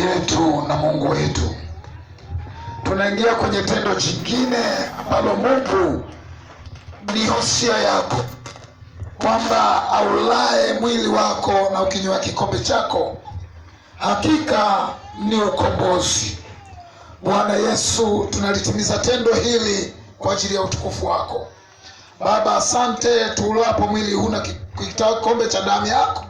yetu na Mungu wetu. Tunaingia kwenye tendo jingine ambalo Mungu ni hosia yako kwamba aulae mwili wako na ukinywa kikombe chako hakika ni ukombozi. Bwana Yesu, tunalitimiza tendo hili kwa ajili ya utukufu wako. Baba, asante. Tuulapo mwili huu na kikombe cha damu yako,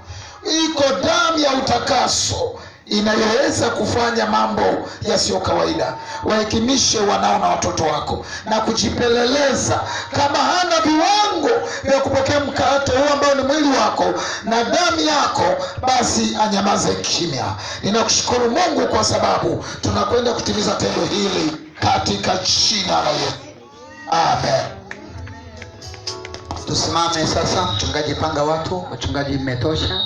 iko damu ya utakaso inayoweza kufanya mambo yasiyo kawaida. Wahekimishe wanao na watoto wako na kujipeleleza, kama hana viwango vya kupokea mkate huu ambao ni mwili wako na damu yako, basi anyamaze kimya. Ninakushukuru Mungu kwa sababu tunakwenda kutimiza tendo hili katika jina la Yesu, amen. Tusimame sasa, mchungaji, panga watu. Wachungaji mmetosha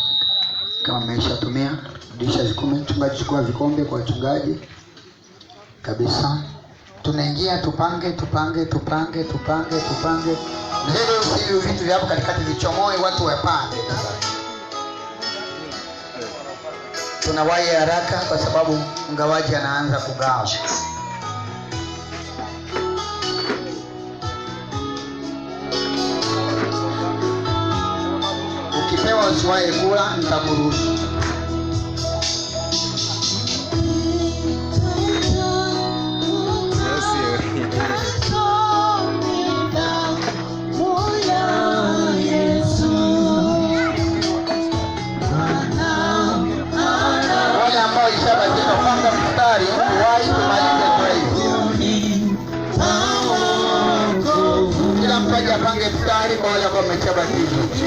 kama mmeshatumia dirisha zikume. Mchungaji, chukua vikombe kwa wachungaji kabisa. Tunaingia tupange, tupange, tupange, tupange, tupange mbele, usivi vitu vya hapo katikati vichomoe, watu wapange. Tunawahi haraka kwa sababu mgawaji anaanza kugawa. usiwahi kula, nitakuruhusu. Kila mmoja apange mstari kwa wale ambao wamechabatizwa.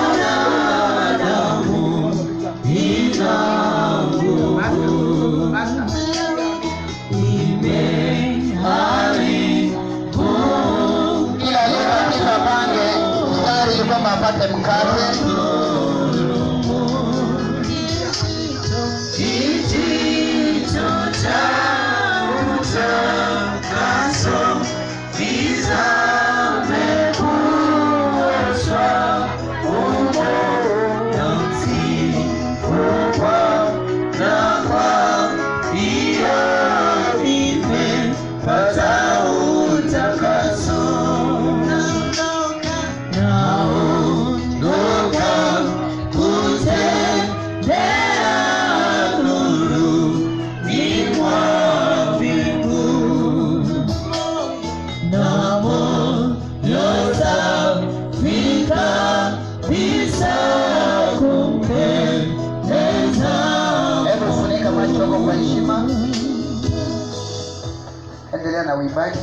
Endelea na uimbaji.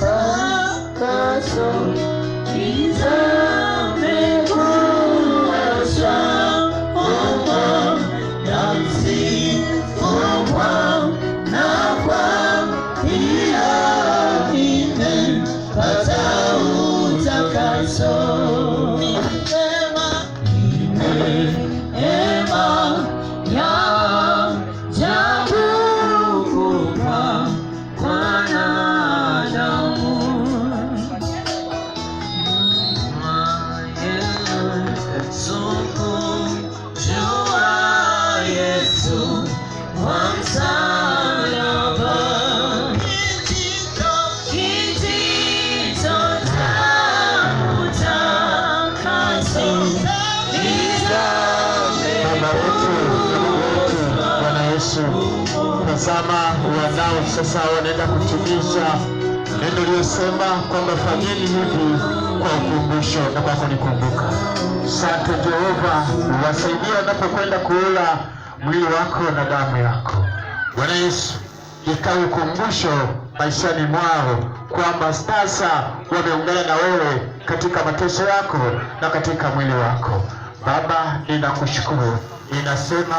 Takaso kiza Tazama wanao sasa wanaenda kutimiza neno liyosema kwamba fanyeni hivi kwa ukumbusho, na kwa kunikumbuka Sante Jehova, wasaidia wanapokwenda kuula mwili wako na damu yako. Bwana Yesu, ikawe ukumbusho maishani mwao kwamba sasa wameungana na wewe katika mateso yako na katika mwili wako. Baba, ninakushukuru, ninasema